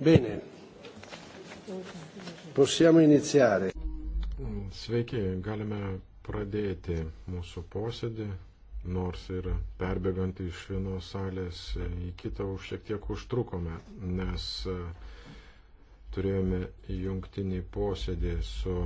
Bene, possiamo iniziare. Sveiki, galime pradėti mūsų posėdį, nors ir perbėgant iš vienos salės į kitą už šiek tiek užtrukome, nes e, turėjome jungtinį posėdį su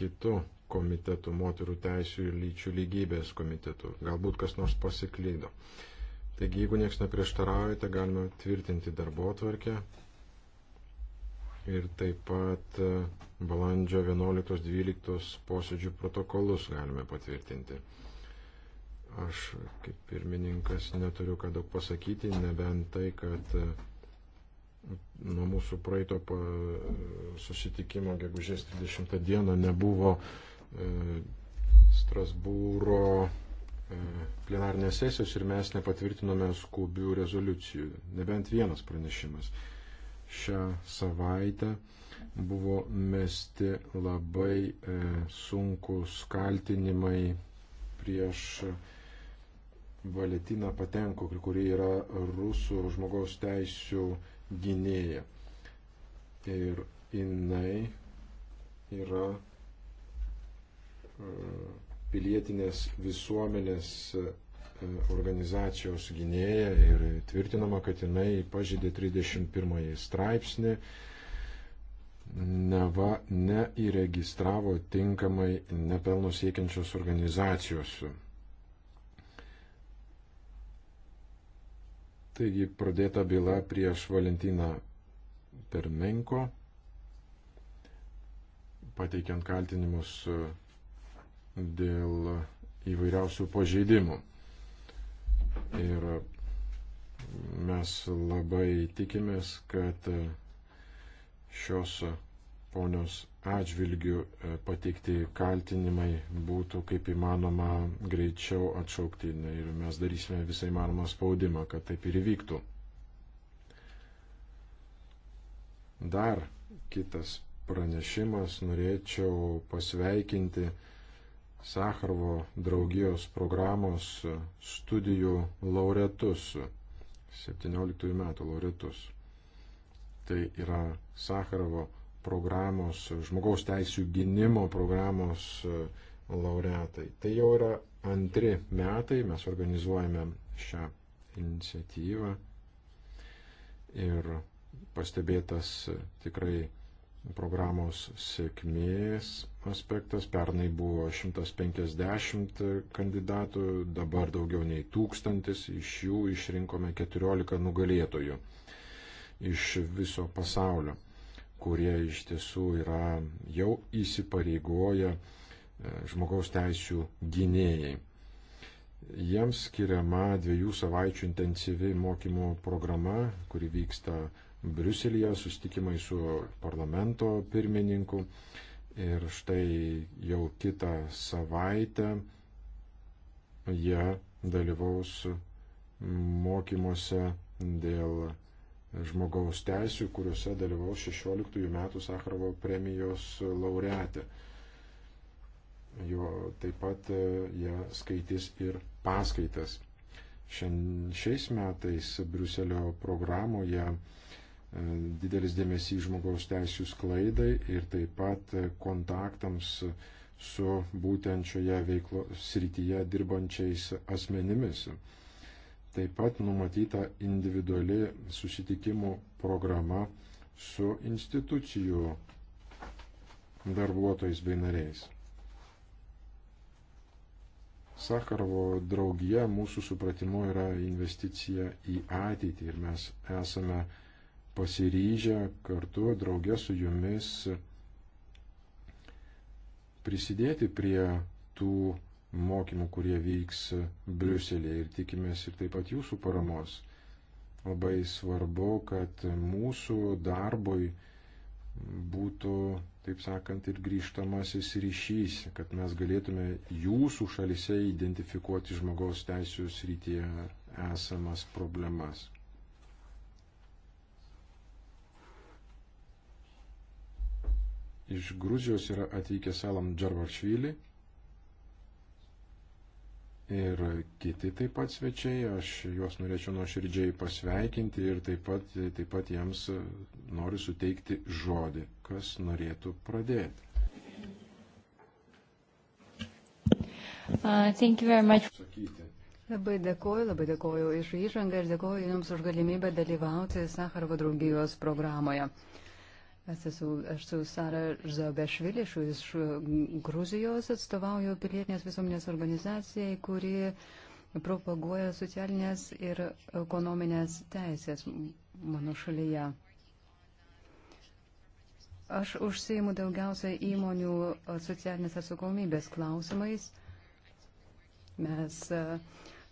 kitu komitetu, moterų teisų ir lyčių lygybės komitetu. Galbūt kas nors pasiklydo. Taigi, jeigu nieks neprieštaraujate, galime tvirtinti darbo atvarkę. Ir taip pat e, balandžio 11-12 posėdžių protokolus galime patvirtinti. Aš kaip pirmininkas neturiu ką daug pasakyti, nebent tai, kad e, nuo mūsų praeito susitikimo gegužės 30 dieną nebuvo e, Strasbūro plenarnės sesijos ir mes nepatvirtinome skubių rezoliucijų, nebent vienas pranešimas. Šią savaitę buvo mesti labai e, sunkus kaltinimai prieš Valetiną Patenko, kuri yra rusų žmogaus teisų gynėja. Ir jinai yra e, pilietinės visuomenės e, organizacijos gynėja ir tvirtinama, kad jinai pažydė 31 straipsnį, neva neįregistravo tinkamai nepelno siekiančios organizacijos. Taigi pradėta byla prieš Valentiną Permenko, pateikiant kaltinimus dėl įvairiausių pažeidimų. Ir mes labai tikimės, kad šios ponios atžvilgių pateikti kaltinimai būtų kaip įmanoma greičiau atšaukti ir mes darysime visą įmanomą spaudimą, kad taip ir įvyktų. Dar kitas pranešimas norėčiau pasveikinti Sakarovo draugijos programos studijų laureatus, 17 metų laureatus. Tai yra Sakarovo programos, žmogaus teisų gynimo programos e, laureatai. Tai jau yra antri metai, mes organizuojame šią iniciatyvą ir pastebėtas tikrai programos sėkmės aspektas. Pernai buvo 150 kandidatų, dabar daugiau nei tūkstantis, iš jų išrinkome 14 nugalėtojų iš viso pasaulio, kurie iš tiesų yra jau įsipareigoję e, žmogaus teisų gynėjai. Jiems skiriama dviejų savaičių intensyvi mokymo programa, kuri vyksta Briuselėje, sustikimai su parlamento pirmininku. Ir štai jau kitą savaitę jie dalyvaus mokymuose dėl žmogaus teisų, kuriuose dalyvaus 16 metų Sakarovo premijos laureatė. Jo taip pat e, jie skaitys ir paskaitas. Šian, šiais metais Briuselio programoje didelis dėmesys žmogaus teisų sklaidai ir taip pat kontaktams su būtent šioje veiklo srityje dirbančiais asmenimis. Taip pat numatyta individuali susitikimų programa su institucijų darbuotojais bei nariais. Sakarovo draugija mūsų supratimu yra investicija į ateitį ir mes esame pasiryžę kartu draugė su jumis prisidėti prie tų mokymų, kurie vyks Briuselėje ir tikimės ir taip pat jūsų paramos. Labai svarbu, kad mūsų darbui būtų, taip sakant, ir grįžtamasis ryšys, kad mes galėtume jūsų šalise identifikuoti žmogaus teisų srityje esamas problemas. Iš Gruzijos yra atvykęs Alam Džarvaršvili ir kiti taip pat svečiai. Aš juos norėčiau nuoširdžiai pasveikinti ir taip pat, taip pat jiems noriu suteikti žodį, kas norėtų pradėti. Uh, Labai dėkoju, labai dėkoju iš įžangą ir dėkoju Jums už galimybę dalyvauti Sakarovo draugijos programoje. Uh, Aš esu, aš esu Sara Zabešvili, aš iš mm, Gruzijos atstovauju pilietinės visuomenės organizacijai, kuri propaguoja socialinės ir ekonominės teisės mano šalyje. Aš užsiimu daugiausia įmonių socialinės atsakomybės klausimais. Mes e,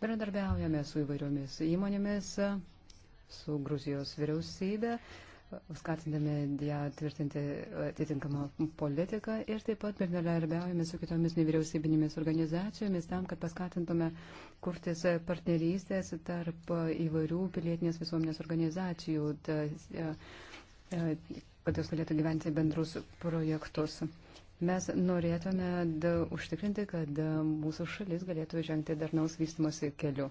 bendradarbiaujame su įvairiomis įmonėmis, su Gruzijos vyriausybė, skatindami ją tvirtinti atitinkamą politiką ir taip pat bendradarbiaujame su kitomis nevyriausybinėmis organizacijomis tam, kad paskatintume kurtis partnerystės tarp įvairių pilietinės visuomenės organizacijų, e, e, kad jos galėtų gyventi bendrus projektus. Mes norėtume da, užtikrinti, kad da, mūsų šalis galėtų žengti darnaus vystimosi keliu.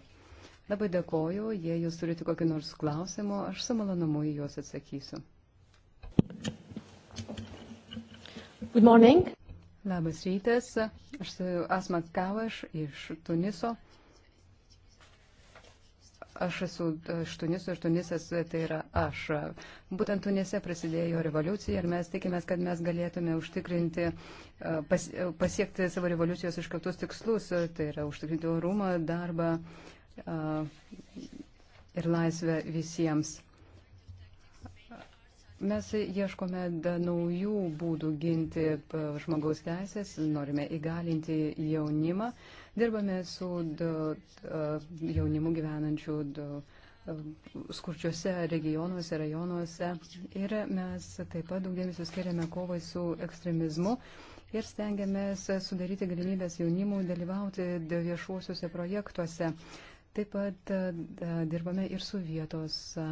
Labai dėkoju, jei jūs turite kokį nors klausimą, aš su malonumu į juos atsakysiu. Good morning. Labas rytas, aš esu Asmat Kavaš iš Tuniso. Aš esu iš Tuniso ir Tunisas tai yra aš. Būtent Tunise prasidėjo revoliucija ir mes tikimės, kad mes galėtume užtikrinti, pas, pasiekti savo revoliucijos iškeltus tikslus, tai yra užtikrinti orumą, darbą, ir laisvę visiems. Mes ieškome naujų būdų ginti žmogaus teisės, norime įgalinti jaunimą, dirbame su jaunimu gyvenančiu skurčiuose regionuose, rajonuose ir mes taip pat daug dėmesio skiriame kovai su ekstremizmu ir stengiamės sudaryti galimybės jaunimui dalyvauti viešuosiuose projektuose. Taip pat e, dirbame ir su vietos e,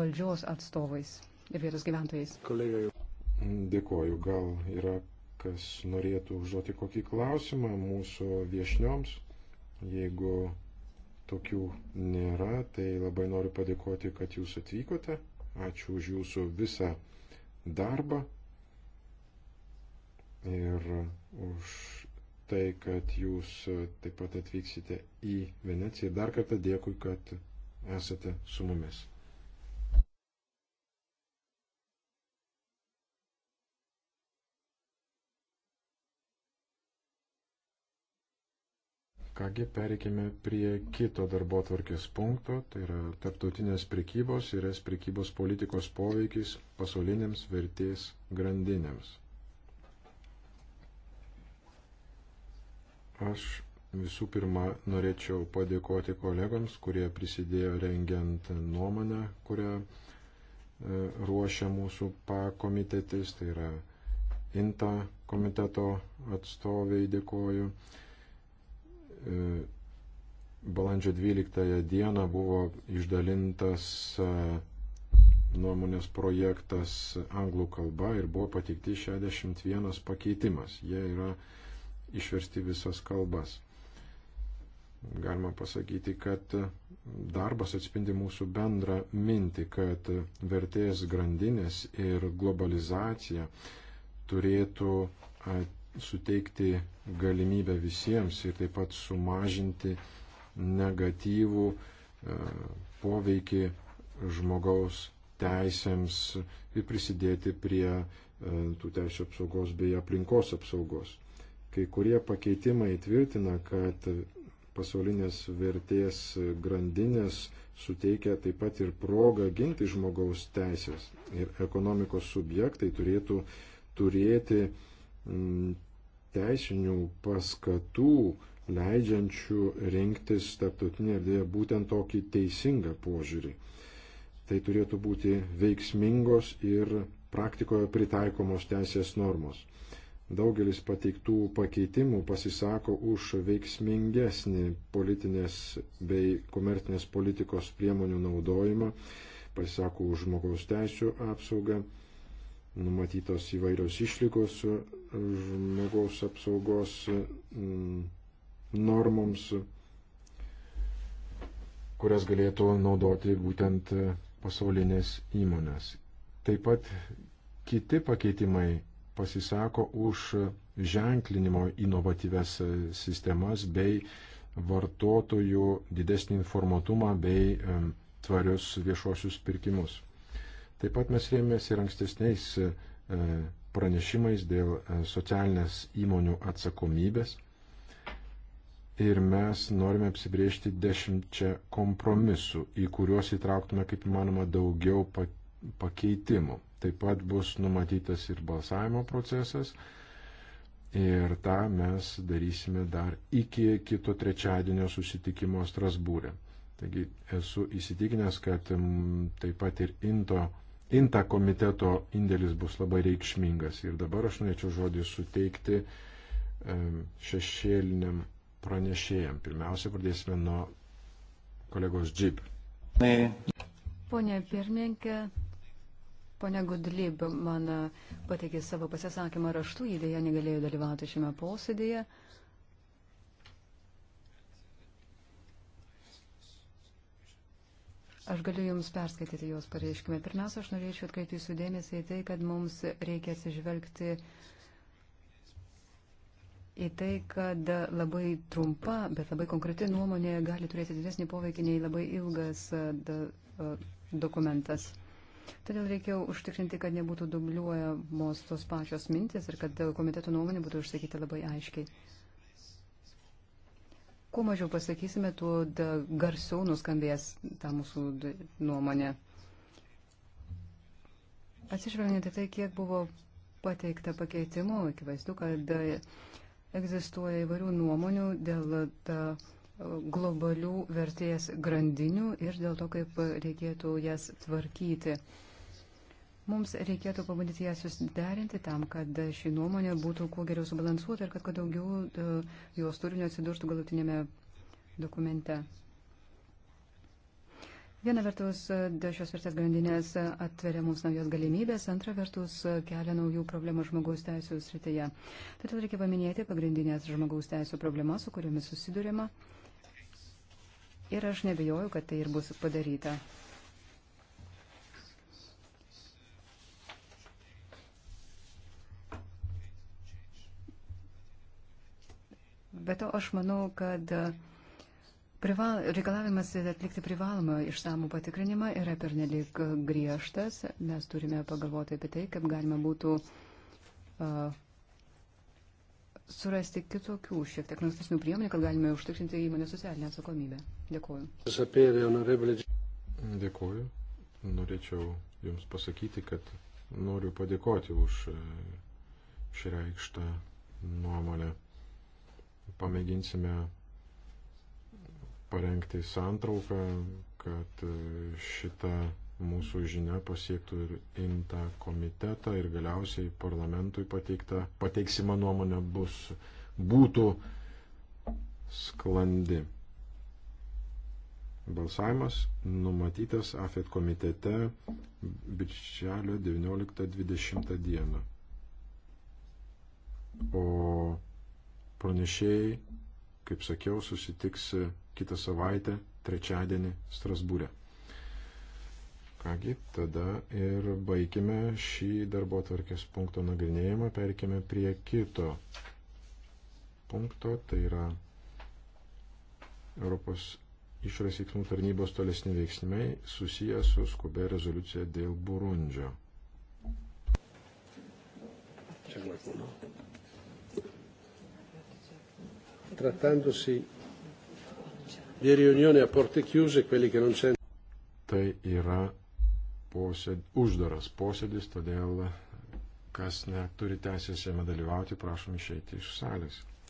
valdžios atstovais ir vietos gyventojais. Kolegai, dėkoju. Gal yra kas norėtų užduoti kokį klausimą mūsų viešnioms? Jeigu tokių nėra, tai labai noriu padėkoti, kad jūs atvykote. Ačiū už jūsų visą darbą ir už tai, kad jūs e, taip pat atvyksite į Veneciją. Ir dar kartą dėkui, kad esate su mumis. Kągi, pereikime prie kito darbo tvarkės punkto, tai yra tarptautinės prekybos ir es prekybos politikos poveikis pasaulinėms vertės grandinėms. Aš visų pirma norėčiau padėkoti kolegoms, kurie prisidėjo rengiant nuomonę, kurią e, ruošia mūsų pakomitetis, tai yra INTA komiteto atstoviai dėkoju. E, balandžio 12 dieną buvo išdalintas e, nuomonės projektas anglų kalba ir buvo pateikti 61 pakeitimas. Jie yra išversti visas kalbas. Galima pasakyti, kad darbas atspindi mūsų bendrą mintį, kad vertės grandinės ir globalizacija turėtų suteikti galimybę visiems ir taip pat sumažinti negatyvų poveikį žmogaus teisėms ir prisidėti prie tų teisų apsaugos bei aplinkos apsaugos. Kai kurie pakeitimai tvirtina, kad pasaulinės vertės grandinės suteikia taip pat ir progą ginti žmogaus teisės. Ir ekonomikos subjektai turėtų turėti mm, teisinių paskatų, leidžiančių rinktis tarptautinėje erdvėje būtent tokį teisingą požiūrį. Tai turėtų būti veiksmingos ir praktikoje pritaikomos teisės normos. Daugelis pateiktų pakeitimų pasisako už veiksmingesnį politinės bei komercinės politikos priemonių naudojimą, pasisako už žmogaus teisų apsaugą, numatytos įvairios išlygos žmogaus apsaugos mm, normoms, kurias galėtų naudoti būtent pasaulinės įmonės. Taip pat kiti pakeitimai pasisako už ženklinimo inovatyves sistemas bei vartotojų didesnį informatumą bei tvarius viešuosius pirkimus. Taip pat mes rėmės ir ankstesniais e, pranešimais dėl e, socialinės įmonių atsakomybės ir mes norime apsibriežti dešimčia kompromisų, į kuriuos įtrauktume kaip įmanoma daugiau pakeitimų. Taip pat bus numatytas ir balsavimo procesas. Ir tą mes darysime dar iki kito trečiadienio susitikimo Strasbūrė. Taigi esu įsitikinęs, kad taip pat ir Into, Inta komiteto indėlis bus labai reikšmingas. Ir dabar aš norėčiau žodį suteikti šešėliniam pranešėjam. Pirmiausia, pradėsime nuo kolegos Džip. Pone pirmininkė, Pone Gudlib man pateikė savo pasisakymą raštu, jį dėja negalėjo dalyvauti šiame posėdėje. Aš galiu Jums perskaityti jos pareiškimą. Pirmiausia, aš norėčiau atkreipti Jūsų dėmesį į tai, kad mums reikia atsižvelgti į tai, kad labai trumpa, bet labai konkreti nuomonė gali turėti didesnį poveikį nei labai ilgas dokumentas. Todėl reikėjo užtikrinti, kad nebūtų dubliuojamos tos pačios mintis ir kad komiteto nuomonė būtų išsakyta labai aiškiai. Kuo mažiau pasakysime, tuo garsiau nuskambės ta mūsų nuomonė. Atsižvelgiant į tai, kiek buvo pateikta pakeitimu, akivaizdu, kad egzistuoja įvairių nuomonių dėl ta. Uh, globalių vertės grandinių ir dėl to, kaip reikėtų jas tvarkyti. Mums reikėtų pabandyti ją susiderinti tam, kad ši nuomonė būtų kuo geriau subalansuota ir kad kuo daugiau e, jos turinio atsidurtų galutinėme dokumente. Viena vertus, e, šios vertės grandinės atveria mums naujos galimybės, antra vertus, e, kelia naujų problemų žmogaus teisų srityje. Todėl reikia paminėti pagrindinės žmogaus teisų problemas, su kuriomis susidurima. Ir aš nebejoju, kad tai ir bus padaryta. Bet to aš manau, kad e, prival, reikalavimas atlikti privalomą išsamų patikrinimą yra pernelik griežtas. Mes turime pagalvoti apie tai, kaip galima būtų uh, surasti kitokių šiek tiek lankstesnių priemonių, kad galime užtikrinti įmonės socialinę atsakomybę. Dėkuoju. Dėkuoju. Norėčiau Jums pasakyti, kad noriu padėkoti už e, išreikštą nuomonę. Pamėginsime parengti santrauką, kad e, šita mūsų žinia pasiektų ir imtą komitetą ir galiausiai parlamentui pateikta, pateiksima nuomonė bus, būtų sklandi. Balsavimas numatytas AFET komitete birželio 19-20 dieną. O pranešėjai, kaip sakiau, susitiks kitą savaitę, trečiadienį Strasbūrė. Kągi, tada ir baigime šį darbo tvarkės punkto nagrinėjimą, perkime prie kito punkto, tai yra Europos išorės veiksmų tarnybos tolesni veiksmai susiję su skubia rezoliucija dėl Burundžio. Trattandosi di riunioni a porte chiuse, e quelli che non c'entrano. Tai yra posėd, uždaras posėdis, todėl kas neturi teisės jame dalyvauti, prašom išeiti iš salės.